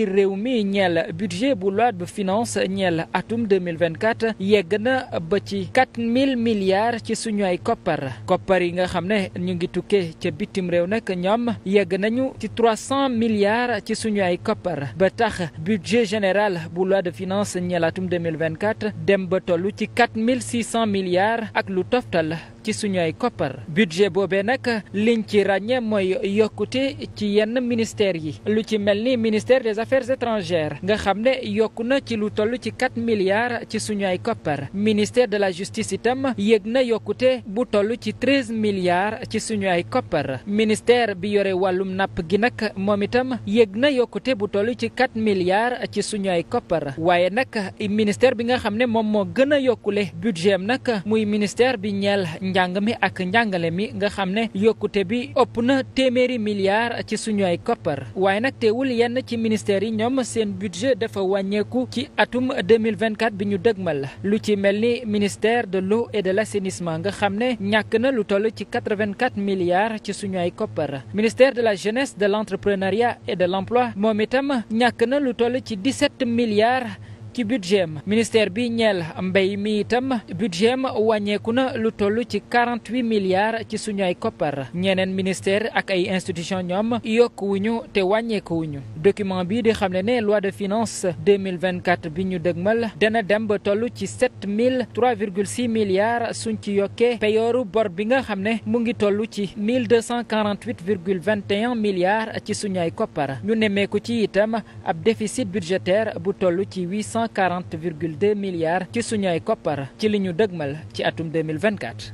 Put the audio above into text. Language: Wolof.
njiitir réew mi ñeel budget bu loi de finance ñeel atum 2024 yegg na ba ci 4000 milliards ci suñu ay koppar koppar yi nga xam ne ñu ngi tukkee ca bitim réew nag ñoom yegg nañu ci 300 milliards ci suñu ay koppar ba tax budget général bu loi de finance ñeel atum 2024 dem ba toll ci 4600 milliards ak lu la ci suñu ay koppar budget boobee nag liñ ci ràññee mooy yokkute ci yenn ministère yi lu ci mel ni ministère des affaires étrangères nga xam ne yokk na ci lu toll ci 4 milliards ci suñu ay koppar ministère de la justice itam yëg na yokkute bu toll ci 13 milliards ci suñu ay koppar ministère bi yore wàllum napp gi nag moom itam yëg na yokkute bu toll ci 4 milliards ci suñu ay koppar waaye nag ministère bi nga xam ne moom moo gën a yokkule budget am muy ministère bi ñeel njàng mi ak njàngale mi nga xam ne yokkute bi ëpp na téeméeri milliards ci suñu ay koppar waaye nag teewul yenn ci ministères yi ñoom seen budget dafa wàññeeku ci atum 2024 bi ñu la lu ci mel ni ministère de l'eau et de l'assainissement nga xam ne ñàkk na lu toll ci 84 milliards ci suñu ay koppar ministère de la jeunesse de l'entrepreneuriat et de l'emploi moom itam ñàkk na lu toll ci milliards ci budget am ministère bi ñeel mbéy mi itam budget am wàññeeku na lu toll ci 48 milliards ci suñu ay koppar ñeneen ministère ak ay institution ñoom yokkuwuñu te ñu document bii di xam ne ne loi de finance 2024 bi ñu dëgmal dana dem ba toll ci 7000 3,6 milliards suñ ci yokkee peyooru bor bi nga xam ne mu ngi toll ci 1248,21 milliards ci ay koppar ñu nemmeeku ci itam ab déficit budgétaire bu toll ci 840,2 milliards ci ay koppar ci li ñu dëgmal ci atum 2024